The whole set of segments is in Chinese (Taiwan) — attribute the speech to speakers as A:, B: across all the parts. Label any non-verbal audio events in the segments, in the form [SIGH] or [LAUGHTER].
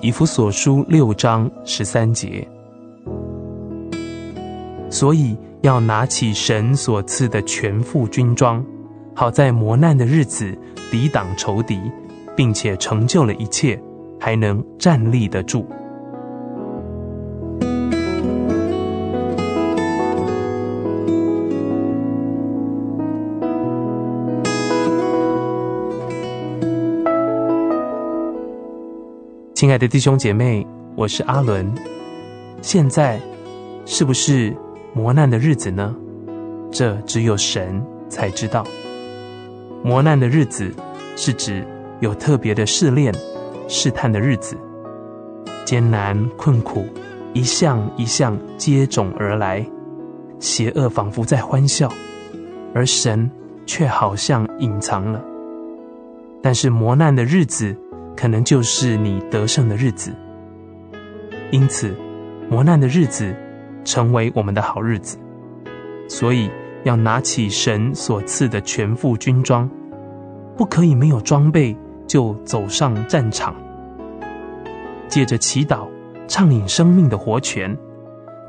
A: 以弗所書六章十三節，所以要拿起神所賜的全副軍裝，好在磨難的日子抵擋仇敵，並且成就了一切，還能站立得住。親愛的弟兄姐妹，我是阿倫。現在是不是磨難的日子呢？這只有神才知道。磨難的日子是指有特別的試煉、試探的日子，艱難困苦一項一項接踵而來，邪惡仿佛在歡笑，而神卻好像隱藏了。但是磨難的日子。可能就是你得勝的日子，因此，磨難的日子成為我們的好日子。所以，要拿起神所賜的全副軍裝，不可以沒有裝備就走上戰場。借着祈禱，暢飲生命的活泉，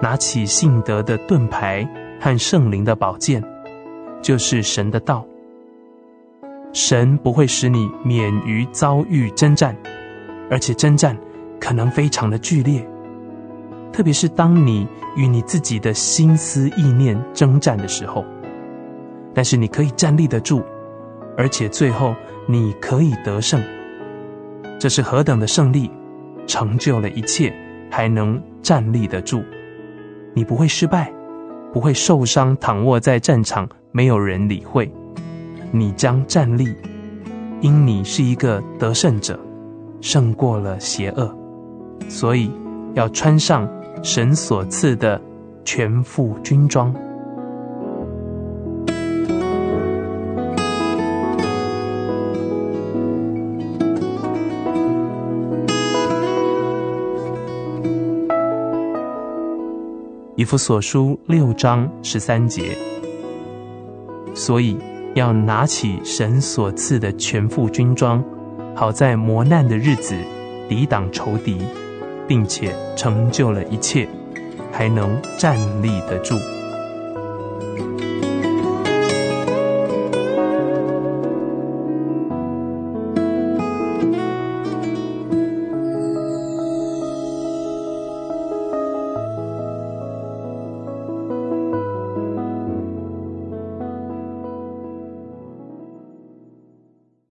A: 拿起信德的盾牌和聖靈的寶劍，就是神的道。神不會使你免於遭遇征戰，而且征戰可能非常的劇烈，特別是當你與你自己的心思意念征戰的時候。但是你可以站立得住，而且最後你可以得勝。這是何等的勝利！成就了一切，還能站立得住。你不會失敗，不會受傷，躺臥在戰場，沒有人理會。你將站立，因你是一個得勝者，勝過了邪惡，所以要穿上神所賜的全副軍裝。以弗 [NOISE] 所書六章十三節，所以，要拿起神所賜的全副軍裝，好在磨難的日子抵擋仇敵，並且成就了一切，還能站立得住。